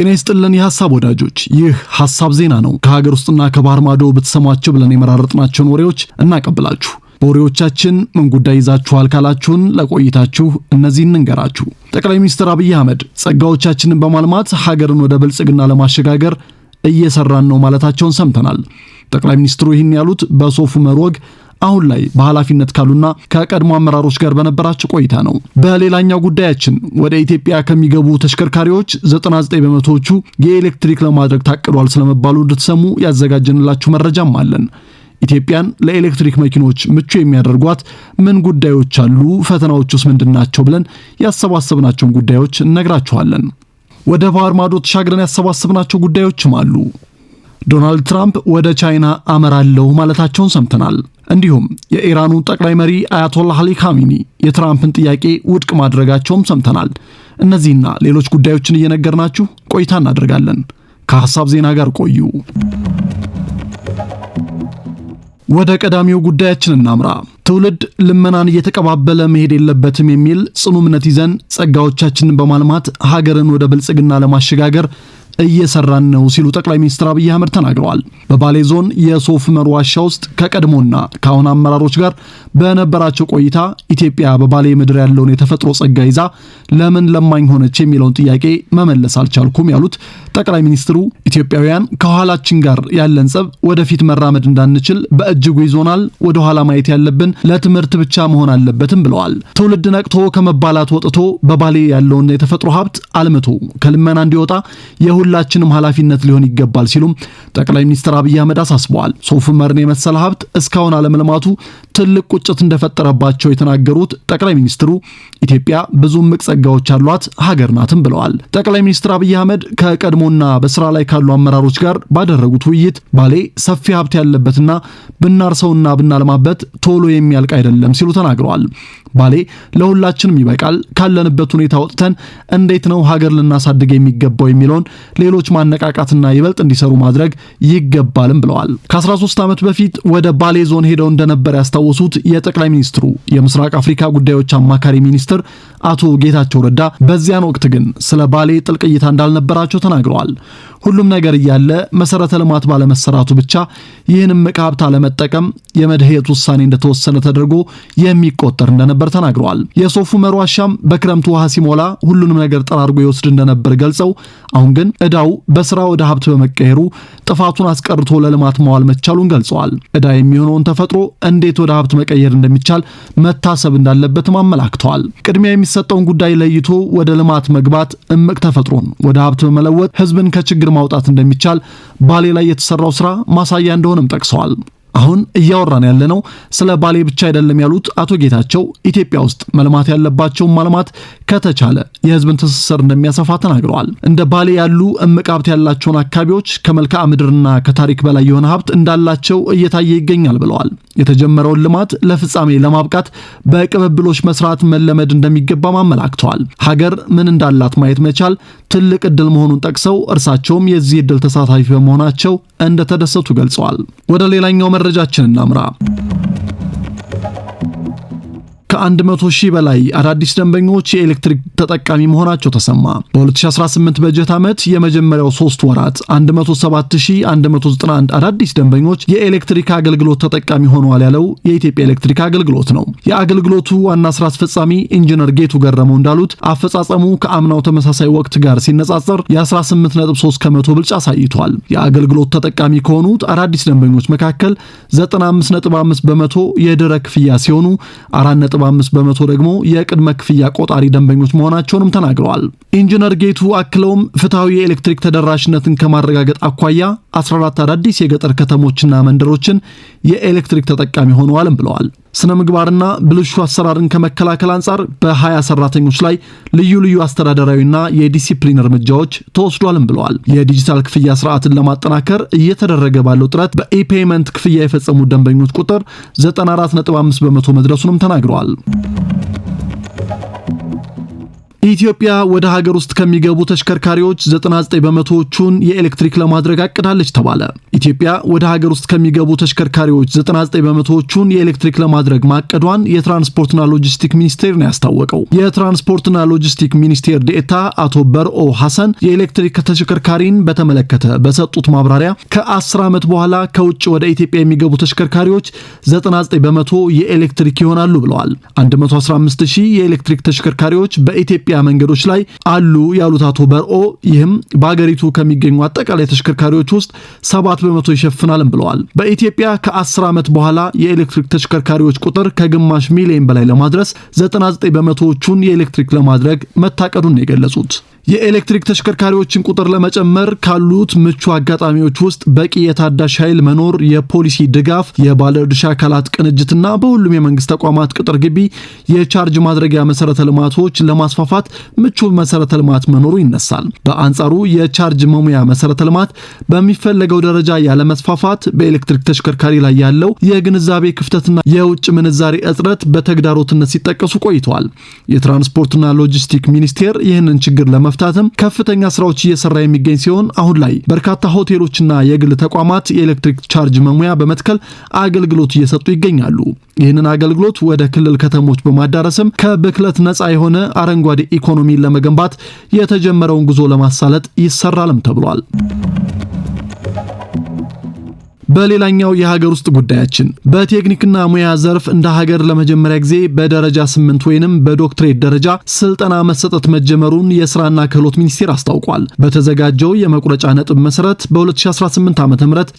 ጤና ይስጥልን የሀሳብ ወዳጆች፣ ይህ ሀሳብ ዜና ነው። ከሀገር ውስጥና ከባህር ማዶ ብትሰሟቸው ብለን የመራረጥናቸውን ወሬዎች እናቀብላችሁ። በወሬዎቻችን ምን ጉዳይ ይዛችኋል ካላችሁን ለቆይታችሁ እነዚህን እንንገራችሁ። ጠቅላይ ሚኒስትር አብይ አህመድ ጸጋዎቻችንን በማልማት ሀገርን ወደ ብልጽግና ለማሸጋገር እየሰራን ነው ማለታቸውን ሰምተናል። ጠቅላይ ሚኒስትሩ ይህን ያሉት በሶፍ ዑመር ወግ አሁን ላይ በኃላፊነት ካሉና ከቀድሞ አመራሮች ጋር በነበራቸው ቆይታ ነው። በሌላኛው ጉዳያችን ወደ ኢትዮጵያ ከሚገቡ ተሽከርካሪዎች 99 በመቶዎቹ የኤሌክትሪክ ለማድረግ ታቅዷል ስለመባሉ እንድትሰሙ ያዘጋጀንላችሁ መረጃም አለን። ኢትዮጵያን ለኤሌክትሪክ መኪኖች ምቹ የሚያደርጓት ምን ጉዳዮች አሉ? ፈተናዎች ውስጥ ምንድን ናቸው? ብለን ያሰባሰብናቸውን ጉዳዮች እነግራችኋለን። ወደ ባህር ማዶ ተሻግረን ያሰባሰብናቸው ጉዳዮችም አሉ። ዶናልድ ትራምፕ ወደ ቻይና አመራለሁ ማለታቸውን ሰምተናል። እንዲሁም የኢራኑ ጠቅላይ መሪ አያቶላህ አሊ ካሚኒ የትራምፕን ጥያቄ ውድቅ ማድረጋቸውም ሰምተናል። እነዚህና ሌሎች ጉዳዮችን እየነገርናችሁ ቆይታ እናደርጋለን። ከሐሳብ ዜና ጋር ቆዩ። ወደ ቀዳሚው ጉዳያችን እናምራ። ትውልድ ልመናን እየተቀባበለ መሄድ የለበትም የሚል ጽኑ እምነት ይዘን ጸጋዎቻችንን በማልማት ሀገርን ወደ ብልጽግና ለማሸጋገር እየሰራን ነው ሲሉ ጠቅላይ ሚኒስትር አብይ አህመድ ተናግረዋል። በባሌ ዞን የሶፍ መር ዋሻ ውስጥ ከቀድሞና ከአሁን አመራሮች ጋር በነበራቸው ቆይታ ኢትዮጵያ በባሌ ምድር ያለውን የተፈጥሮ ጸጋ ይዛ ለምን ለማኝ ሆነች የሚለውን ጥያቄ መመለስ አልቻልኩም ያሉት ጠቅላይ ሚኒስትሩ ኢትዮጵያውያን ከኋላችን ጋር ያለን ጸብ ወደፊት መራመድ እንዳንችል በእጅጉ ይዞናል፣ ወደ ኋላ ማየት ያለብን ለትምህርት ብቻ መሆን አለበትም ብለዋል። ትውልድ ነቅቶ ከመባላት ወጥቶ በባሌ ያለውን የተፈጥሮ ሀብት አልምቶ ከልመና እንዲወጣ የሁላችንም ኃላፊነት ሊሆን ይገባል ሲሉም ጠቅላይ ሚኒስትር አብይ አህመድ አሳስበዋል። ሶፍ ዑመርን የመሰለ ሀብት እስካሁን አለመልማቱ ትልቅ ቁጭት እንደፈጠረባቸው የተናገሩት ጠቅላይ ሚኒስትሩ ኢትዮጵያ ብዙ እምቅ ጸጋዎች ያሏት ሀገር ናትም ብለዋል። ጠቅላይ ሚኒስትር አብይ አህመድ ከቀድሞ ከቀድሞና በስራ ላይ ካሉ አመራሮች ጋር ባደረጉት ውይይት ባሌ ሰፊ ሀብት ያለበትና ብናርሰውና ብናለማበት ቶሎ የሚያልቅ አይደለም ሲሉ ተናግረዋል። ባሌ ለሁላችንም ይበቃል። ካለንበት ሁኔታ ወጥተን እንዴት ነው ሀገር ልናሳድግ የሚገባው የሚለውን ሌሎች ማነቃቃትና ይበልጥ እንዲሰሩ ማድረግ ይገባልም ብለዋል። ከ13 ዓመት በፊት ወደ ባሌ ዞን ሄደው እንደነበር ያስታወሱት የጠቅላይ ሚኒስትሩ የምስራቅ አፍሪካ ጉዳዮች አማካሪ ሚኒስትር አቶ ጌታቸው ረዳ በዚያን ወቅት ግን ስለ ባሌ ጥልቅ እይታ እንዳልነበራቸው ተናግረዋል። ብለዋል። ሁሉም ነገር እያለ መሰረተ ልማት ባለመሰራቱ ብቻ ይህን እምቅ ሀብት አለመጠቀም የመድሄት ውሳኔ እንደተወሰነ ተደርጎ የሚቆጠር እንደነበር ተናግረዋል። የሶፉ መሩ ዋሻም በክረምቱ ውሃ ሲሞላ ሁሉንም ነገር ጠራርጎ ይወስድ እንደነበር ገልጸው አሁን ግን እዳው በስራ ወደ ሀብት በመቀየሩ ጥፋቱን አስቀርቶ ለልማት ማዋል መቻሉን ገልጸዋል። እዳ የሚሆነውን ተፈጥሮ እንዴት ወደ ሀብት መቀየር እንደሚቻል መታሰብ እንዳለበትም አመላክተዋል። ቅድሚያ የሚሰጠውን ጉዳይ ለይቶ ወደ ልማት መግባት እምቅ ተፈጥሮን ወደ ሀብት በመለወጥ ህዝብን ከችግር ማውጣት እንደሚቻል ባሌ ላይ የተሰራው ስራ ማሳያ እንደሆነም ጠቅሰዋል። አሁን እያወራን ያለነው ስለ ባሌ ብቻ አይደለም ያሉት አቶ ጌታቸው ኢትዮጵያ ውስጥ መልማት ያለባቸውን ማልማት ከተቻለ የህዝብን ትስስር እንደሚያሰፋ ተናግረዋል። እንደ ባሌ ያሉ እምቅ ሀብት ያላቸውን አካባቢዎች ከመልክዓ ምድርና ከታሪክ በላይ የሆነ ሀብት እንዳላቸው እየታየ ይገኛል ብለዋል። የተጀመረውን ልማት ለፍጻሜ ለማብቃት በቅብብሎች መስራት መለመድ እንደሚገባም አመላክተዋል። ሀገር ምን እንዳላት ማየት መቻል ትልቅ እድል መሆኑን ጠቅሰው እርሳቸውም የዚህ እድል ተሳታፊ በመሆናቸው እንደተደሰቱ ገልጸዋል። ወደ ሌላኛው መረጃችን እናምራ። ከ100 ሺህ በላይ አዳዲስ ደንበኞች የኤሌክትሪክ ተጠቃሚ መሆናቸው ተሰማ። በ2018 በጀት ዓመት የመጀመሪያው ሶስት ወራት 107191 አዳዲስ ደንበኞች የኤሌክትሪክ አገልግሎት ተጠቃሚ ሆነዋል ያለው የኢትዮጵያ ኤሌክትሪክ አገልግሎት ነው። የአገልግሎቱ ዋና ስራ አስፈጻሚ ኢንጂነር ጌቱ ገረመው እንዳሉት አፈጻጸሙ ከአምናው ተመሳሳይ ወቅት ጋር ሲነጻጸር የ18.3 ከመቶ ብልጫ አሳይቷል። የአገልግሎት ተጠቃሚ ከሆኑት አዳዲስ ደንበኞች መካከል 95.5 በመቶ የድረ ክፍያ ሲሆኑ 75 በመቶ ደግሞ የቅድመ ክፍያ ቆጣሪ ደንበኞች መሆናቸውንም ተናግረዋል። ኢንጂነር ጌቱ አክለውም ፍትሐዊ የኤሌክትሪክ ተደራሽነትን ከማረጋገጥ አኳያ 14 አዳዲስ የገጠር ከተሞችና መንደሮችን የኤሌክትሪክ ተጠቃሚ ሆነዋልም ብለዋል። ስነ ምግባርና ብልሹ አሰራርን ከመከላከል አንጻር በ20 ሰራተኞች ላይ ልዩ ልዩ አስተዳደራዊና የዲሲፕሊን እርምጃዎች ተወስዷልም ብለዋል። የዲጂታል ክፍያ ስርዓትን ለማጠናከር እየተደረገ ባለው ጥረት በኢፔይመንት ክፍያ የፈጸሙ ደንበኞች ቁጥር 94.5 በመቶ መድረሱንም ተናግረዋል። ኢትዮጵያ ወደ ሀገር ውስጥ ከሚገቡ ተሽከርካሪዎች 99 በመቶዎቹን የኤሌክትሪክ ለማድረግ አቅዳለች ተባለ። ኢትዮጵያ ወደ ሀገር ውስጥ ከሚገቡ ተሽከርካሪዎች 99 በመቶዎቹን የኤሌክትሪክ ለማድረግ ማቀዷን የትራንስፖርትና ሎጂስቲክ ሚኒስቴር ነው ያስታወቀው። የትራንስፖርትና ሎጂስቲክ ሚኒስቴር ዴኤታ አቶ በርኦ ሐሰን የኤሌክትሪክ ተሽከርካሪን በተመለከተ በሰጡት ማብራሪያ ከ10 ዓመት በኋላ ከውጭ ወደ ኢትዮጵያ የሚገቡ ተሽከርካሪዎች 99 በመቶ የኤሌክትሪክ ይሆናሉ ብለዋል። 115 ሺህ የኤሌክትሪክ ተሽከርካሪዎች በኢትዮጵያ የኢትዮጵያ መንገዶች ላይ አሉ ያሉት አቶ በርኦ ይህም በአገሪቱ ከሚገኙ አጠቃላይ ተሽከርካሪዎች ውስጥ ሰባት በመቶ ይሸፍናልም ብለዋል። በኢትዮጵያ ከ10 ዓመት በኋላ የኤሌክትሪክ ተሽከርካሪዎች ቁጥር ከግማሽ ሚሊዮን በላይ ለማድረስ 99 በመቶዎቹን የኤሌክትሪክ ለማድረግ መታቀዱን የገለጹት የኤሌክትሪክ ተሽከርካሪዎችን ቁጥር ለመጨመር ካሉት ምቹ አጋጣሚዎች ውስጥ በቂ የታዳሽ ኃይል መኖር፣ የፖሊሲ ድጋፍ፣ የባለድርሻ አካላት ቅንጅትና በሁሉም የመንግስት ተቋማት ቅጥር ግቢ የቻርጅ ማድረጊያ መሰረተ ልማቶች ለማስፋፋት ምቹ መሰረተ ልማት መኖሩ ይነሳል። በአንጻሩ የቻርጅ መሙያ መሰረተ ልማት በሚፈለገው ደረጃ ያለመስፋፋት፣ በኤሌክትሪክ ተሽከርካሪ ላይ ያለው የግንዛቤ ክፍተትና የውጭ ምንዛሬ እጥረት በተግዳሮትነት ሲጠቀሱ ቆይተዋል። የትራንስፖርትና ሎጂስቲክ ሚኒስቴር ይህንን ችግር ለመፍ ለመፍታትም ከፍተኛ ስራዎች እየሰራ የሚገኝ ሲሆን አሁን ላይ በርካታ ሆቴሎችና የግል ተቋማት የኤሌክትሪክ ቻርጅ መሙያ በመትከል አገልግሎት እየሰጡ ይገኛሉ። ይህንን አገልግሎት ወደ ክልል ከተሞች በማዳረስም ከብክለት ነፃ የሆነ አረንጓዴ ኢኮኖሚን ለመገንባት የተጀመረውን ጉዞ ለማሳለጥ ይሰራልም ተብሏል። በሌላኛው የሀገር ውስጥ ጉዳያችን በቴክኒክና ሙያ ዘርፍ እንደ ሀገር ለመጀመሪያ ጊዜ በደረጃ ስምንት ወይንም በዶክትሬት ደረጃ ስልጠና መሰጠት መጀመሩን የስራና ክህሎት ሚኒስቴር አስታውቋል። በተዘጋጀው የመቁረጫ ነጥብ መሰረት በ2018 ዓ ም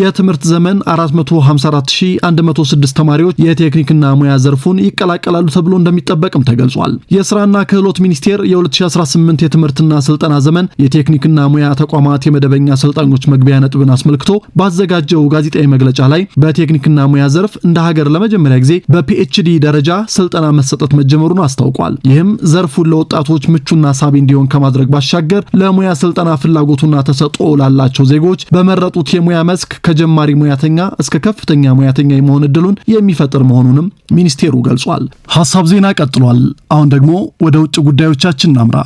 የትምህርት ዘመን 454106 ተማሪዎች የቴክኒክና ሙያ ዘርፉን ይቀላቀላሉ ተብሎ እንደሚጠበቅም ተገልጿል። የስራና ክህሎት ሚኒስቴር የ2018 የትምህርትና ስልጠና ዘመን የቴክኒክና ሙያ ተቋማት የመደበኛ ሰልጣኞች መግቢያ ነጥብን አስመልክቶ ባዘጋጀው ጋዜ ጋዜጣዊ መግለጫ ላይ በቴክኒክና ሙያ ዘርፍ እንደ ሀገር ለመጀመሪያ ጊዜ በፒኤችዲ ደረጃ ስልጠና መሰጠት መጀመሩን አስታውቋል። ይህም ዘርፉን ለወጣቶች ምቹና ሳቢ እንዲሆን ከማድረግ ባሻገር ለሙያ ስልጠና ፍላጎቱና ተሰጦ ላላቸው ዜጎች በመረጡት የሙያ መስክ ከጀማሪ ሙያተኛ እስከ ከፍተኛ ሙያተኛ የመሆን እድሉን የሚፈጥር መሆኑንም ሚኒስቴሩ ገልጿል። ሀሳብ ዜና ቀጥሏል። አሁን ደግሞ ወደ ውጭ ጉዳዮቻችን እናምራ።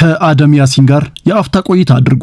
ከአደም ያሲን ጋር የአፍታ ቆይታ አድርጉ።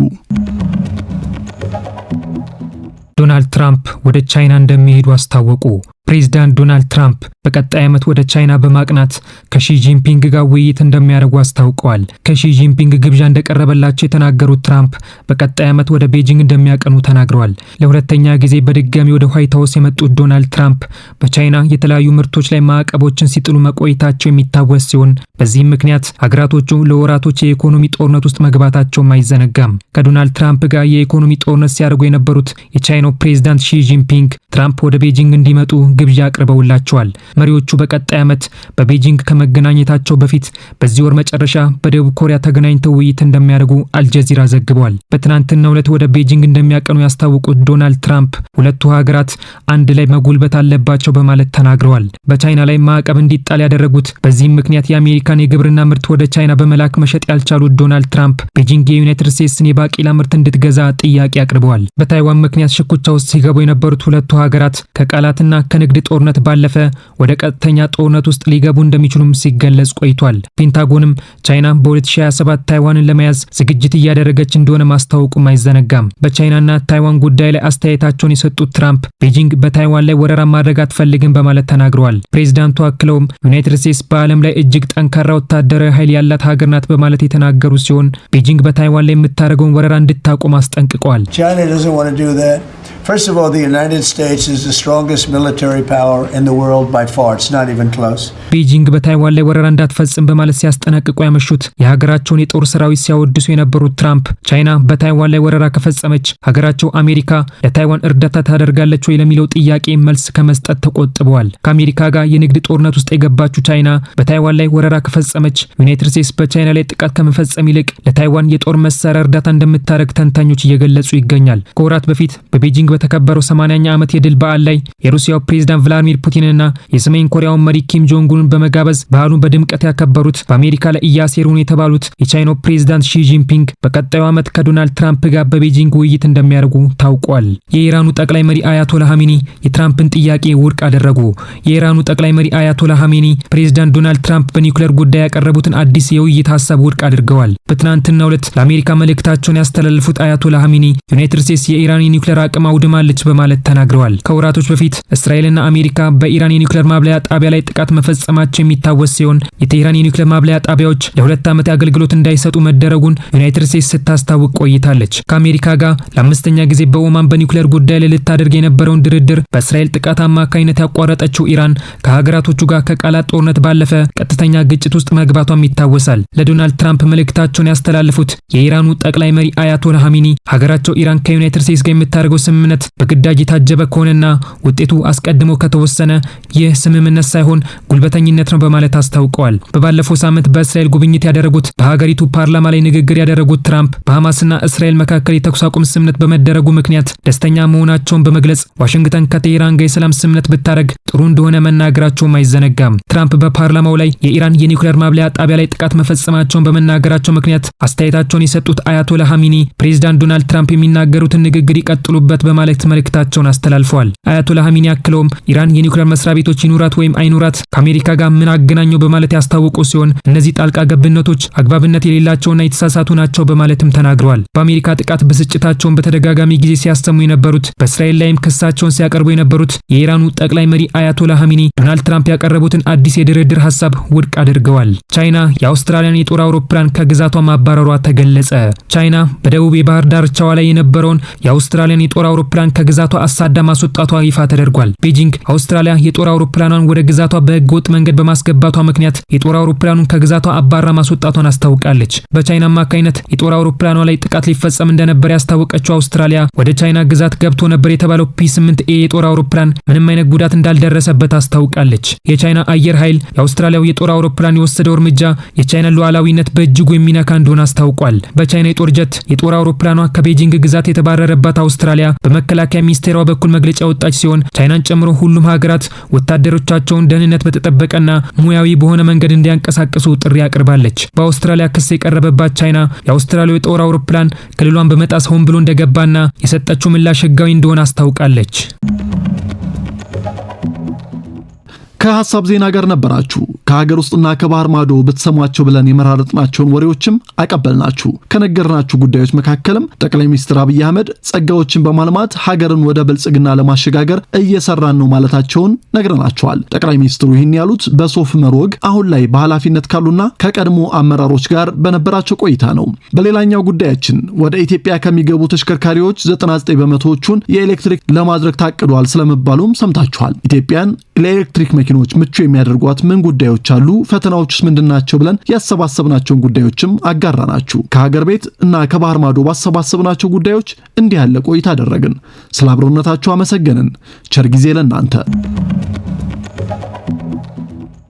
ዶናልድ ትራምፕ ወደ ቻይና እንደሚሄዱ አስታወቁ። ፕሬዚዳንት ዶናልድ ትራምፕ በቀጣይ ዓመት ወደ ቻይና በማቅናት ከሺ ጂንፒንግ ጋር ውይይት እንደሚያደርጉ አስታውቀዋል። ከሺ ጂንፒንግ ግብዣ እንደቀረበላቸው የተናገሩት ትራምፕ በቀጣይ ዓመት ወደ ቤጂንግ እንደሚያቀኑ ተናግረዋል። ለሁለተኛ ጊዜ በድጋሚ ወደ ዋይት ሀውስ የመጡት ዶናልድ ትራምፕ በቻይና የተለያዩ ምርቶች ላይ ማዕቀቦችን ሲጥሉ መቆየታቸው የሚታወስ ሲሆን በዚህም ምክንያት ሀገራቶቹ ለወራቶች የኢኮኖሚ ጦርነት ውስጥ መግባታቸውም አይዘነጋም። ከዶናልድ ትራምፕ ጋር የኢኮኖሚ ጦርነት ሲያደርጉ የነበሩት የቻይናው ፕሬዚዳንት ሺ ጂንፒንግ ትራምፕ ወደ ቤጂንግ እንዲመጡ ግብዣ አቅርበውላቸዋል። መሪዎቹ በቀጣይ ዓመት በቤጂንግ ከመገናኘታቸው በፊት በዚህ ወር መጨረሻ በደቡብ ኮሪያ ተገናኝተው ውይይት እንደሚያደርጉ አልጀዚራ ዘግቧል። በትናንትናው ዕለት ወደ ቤጂንግ እንደሚያቀኑ ያስታወቁት ዶናልድ ትራምፕ ሁለቱ ሀገራት አንድ ላይ መጎልበት አለባቸው በማለት ተናግረዋል። በቻይና ላይ ማዕቀብ እንዲጣል ያደረጉት በዚህም ምክንያት የአሜሪካን የግብርና ምርት ወደ ቻይና በመላክ መሸጥ ያልቻሉት ዶናልድ ትራምፕ ቤጂንግ የዩናይትድ ስቴትስን የባቂላ ምርት እንድትገዛ ጥያቄ አቅርበዋል። በታይዋን ምክንያት ሽኩቻ ውስጥ ሲገቡ የነበሩት ሁለቱ ሀገራት ከቃላትና ከንግድ ጦርነት ባለፈ ወደ ቀጥተኛ ጦርነት ውስጥ ሊገቡ እንደሚችሉም ሲገለጽ ቆይቷል። ፔንታጎንም ቻይና በ2027 ታይዋንን ለመያዝ ዝግጅት እያደረገች እንደሆነ ማስታወቁም አይዘነጋም። በቻይናና ታይዋን ጉዳይ ላይ አስተያየታቸውን የሰጡት ትራምፕ ቤጂንግ በታይዋን ላይ ወረራ ማድረግ አትፈልግም በማለት ተናግረዋል። ፕሬዚዳንቱ አክለውም ዩናይትድ ስቴትስ በዓለም ላይ እጅግ ጠንካራ ወታደራዊ ኃይል ያላት ሀገር ናት በማለት የተናገሩ ሲሆን ቤጂንግ በታይዋን ላይ የምታደርገውን ወረራ እንድታቆም አስጠንቅቀዋል። First of all, the United States is the strongest military power in the world by far. It's not even close. ቤጂንግ በታይዋን ላይ ወረራ እንዳትፈጽም በማለት ሲያስጠነቅቁ ያመሹት የሀገራቸውን የጦር ሰራዊት ሲያወድሱ የነበሩት ትራምፕ ቻይና በታይዋን ላይ ወረራ ከፈጸመች ሀገራቸው አሜሪካ ለታይዋን እርዳታ ታደርጋለች ወይ ለሚለው ጥያቄ መልስ ከመስጠት ተቆጥበዋል። ከአሜሪካ ጋር የንግድ ጦርነት ውስጥ የገባችው ቻይና በታይዋን ላይ ወረራ ከፈጸመች ዩናይትድ ስቴትስ በቻይና ላይ ጥቃት ከመፈጸም ይልቅ ለታይዋን የጦር መሳሪያ እርዳታ እንደምታደርግ ተንታኞች እየገለጹ ይገኛል። ከወራት በፊት በቤጂንግ በተከበረው 80ኛ ዓመት የድል በዓል ላይ የሩሲያው ፕሬዝዳንት ቭላድሚር ፑቲንና የሰሜን ኮሪያውን መሪ ኪም ጆንጉንን በመጋበዝ በዓሉን በድምቀት ያከበሩት በአሜሪካ ላይ እያሴሩን የተባሉት የቻይናው ፕሬዝዳንት ሺ ጂንፒንግ በቀጣዩ ዓመት ከዶናልድ ትራምፕ ጋር በቤጂንግ ውይይት እንደሚያደርጉ ታውቋል። የኢራኑ ጠቅላይ መሪ አያቶላ ሀሚኒ የትራምፕን ጥያቄ ውድቅ አደረጉ። የኢራኑ ጠቅላይ መሪ አያቶላ ሀሚኒ ፕሬዝዳንት ዶናልድ ትራምፕ በኒውክሌር ጉዳይ ያቀረቡትን አዲስ የውይይት ሀሳብ ውድቅ አድርገዋል። በትናንትናው ዕለት ለአሜሪካ መልእክታቸውን ያስተላልፉት አያቶላ ሀሚኒ ዩናይትድ ስቴትስ የኢራን የኒውክሌር አቅም አውድ ደማለች በማለት ተናግረዋል። ከወራቶች በፊት እስራኤልና አሜሪካ በኢራን የኒውክሌር ማብለያ ጣቢያ ላይ ጥቃት መፈጸማቸው የሚታወስ ሲሆን የቴህራን የኒውክሌር ማብለያ ጣቢያዎች ለሁለት ዓመት አገልግሎት እንዳይሰጡ መደረጉን ዩናይትድ ስቴትስ ስታስታውቅ ቆይታለች። ከአሜሪካ ጋር ለአምስተኛ ጊዜ በኦማን በኒውክሌር ጉዳይ ላይ ልታደርግ የነበረውን ድርድር በእስራኤል ጥቃት አማካኝነት ያቋረጠችው ኢራን ከሀገራቶቹ ጋር ከቃላት ጦርነት ባለፈ ቀጥተኛ ግጭት ውስጥ መግባቷም ይታወሳል። ለዶናልድ ትራምፕ መልእክታቸውን ያስተላለፉት የኢራኑ ጠቅላይ መሪ አያቶላ ሀሚኒ ሀገራቸው ኢራን ከዩናይትድ ስቴትስ ጋር የምታደርገው ስምምነት ስምምነት በግዳጅ የታጀበ ከሆነና ውጤቱ አስቀድሞ ከተወሰነ ይህ ስምምነት ሳይሆን ጉልበተኝነት ነው በማለት አስታውቀዋል። በባለፈው ሳምንት በእስራኤል ጉብኝት ያደረጉት በሀገሪቱ ፓርላማ ላይ ንግግር ያደረጉት ትራምፕ በሐማስና እስራኤል መካከል የተኩስ አቁም ስምምነት በመደረጉ ምክንያት ደስተኛ መሆናቸውን በመግለጽ ዋሽንግተን ከቴሄራን ጋር የሰላም ስምምነት ብታደረግ ጥሩ እንደሆነ መናገራቸውም አይዘነጋም። ትራምፕ በፓርላማው ላይ የኢራን የኒውክሌር ማብለያ ጣቢያ ላይ ጥቃት መፈጸማቸውን በመናገራቸው ምክንያት አስተያየታቸውን የሰጡት አያቶላ ሐሚኒ ፕሬዚዳንት ዶናልድ ትራምፕ የሚናገሩትን ንግግር ይቀጥሉበት በማ በማለት መልእክታቸውን አስተላልፈዋል። አያቶላ ሀሚኒ አክለውም ኢራን የኒውክሌር መስሪያ ቤቶች ይኑራት ወይም አይኑራት ከአሜሪካ ጋር ምን አገናኘው በማለት ያስታወቁ ሲሆን እነዚህ ጣልቃ ገብነቶች አግባብነት የሌላቸውና የተሳሳቱ ናቸው በማለትም ተናግረዋል። በአሜሪካ ጥቃት ብስጭታቸውን በተደጋጋሚ ጊዜ ሲያሰሙ የነበሩት በእስራኤል ላይም ክሳቸውን ሲያቀርቡ የነበሩት የኢራኑ ጠቅላይ መሪ አያቶላ ሀሚኒ ዶናልድ ትራምፕ ያቀረቡትን አዲስ የድርድር ሀሳብ ውድቅ አድርገዋል። ቻይና የአውስትራሊያን የጦር አውሮፕላን ከግዛቷ ማባረሯ ተገለጸ። ቻይና በደቡብ የባህር ዳርቻዋ ላይ የነበረውን የአውስትራሊያን የጦር አውሮ አውሮፕላን ከግዛቷ አሳዳ ማስወጣቷ ይፋ ተደርጓል። ቤጂንግ አውስትራሊያ የጦር አውሮፕላኗን ወደ ግዛቷ ወጥ መንገድ በማስገባቷ ምክንያት የጦር አውሮፕላኑን ከግዛቷ አባራ ማስወጣቷን አስታውቃለች። በቻይና አማካኝነት የጦር አውሮፕላኗ ላይ ጥቃት ሊፈጸም እንደነበር ያስታወቀችው አውስትራሊያ ወደ ቻይና ግዛት ገብቶ ነበር የተባለው ፒ8ኤ የጦር አውሮፕላን ምንም አይነት ጉዳት እንዳልደረሰበት አስታውቃለች። የቻይና አየር ኃይል የአውስትራሊያው የጦር አውሮፕላን የወሰደው እርምጃ የቻይና ሉዓላዊነት በእጅጉ የሚነካ እንደሆነ አስታውቋል። በቻይና የጦር ጀት የጦር አውሮፕላኗ ከቤጂንግ ግዛት የተባረረባት አውስትራሊያ በመከላከያ ሚኒስቴሯ በኩል መግለጫ ወጣች ሲሆን ቻይናን ጨምሮ ሁሉም ሀገራት ወታደሮቻቸውን ደህንነት በተጠበቀና ሙያዊ በሆነ መንገድ እንዲያንቀሳቅሱ ጥሪ አቅርባለች። በአውስትራሊያ ክስ የቀረበባት ቻይና የአውስትራሊያ የጦር አውሮፕላን ክልሏን በመጣስ ሆን ብሎ እንደገባና የሰጠችው ምላሽ ህጋዊ እንደሆነ አስታውቃለች። ከሀሳብ ዜና ጋር ነበራችሁ። ከሀገር ውስጥና ከባህር ማዶ ብትሰሟቸው ብለን የመራረጥናቸውን ወሬዎችም አቀበልናችሁ። ከነገርናችሁ ጉዳዮች መካከልም ጠቅላይ ሚኒስትር አብይ አህመድ ጸጋዎችን በማልማት ሀገርን ወደ ብልጽግና ለማሸጋገር እየሰራን ነው ማለታቸውን ነግረናቸዋል። ጠቅላይ ሚኒስትሩ ይህን ያሉት በሶፍ መሮግ አሁን ላይ በኃላፊነት ካሉና ከቀድሞ አመራሮች ጋር በነበራቸው ቆይታ ነው። በሌላኛው ጉዳያችን ወደ ኢትዮጵያ ከሚገቡ ተሽከርካሪዎች 99 በመቶዎቹን የኤሌክትሪክ ለማድረግ ታቅዷል ስለመባሉም ሰምታችኋል። ኢትዮጵያን ለኤሌክትሪክ መኪኖች ምቹ የሚያደርጓት ምን ጉዳዮች ጉዳዮች አሉ፣ ፈተናዎችስ ምንድናቸው ብለን ያሰባሰብናቸውን ጉዳዮችም አጋራናችሁ። ከሀገር ቤት እና ከባህር ማዶ ባሰባሰብናቸው ጉዳዮች እንዲህ ያለ ቆይታ አደረግን። ስለ አብሮነታችሁ አመሰገንን። ቸር ጊዜ ለእናንተ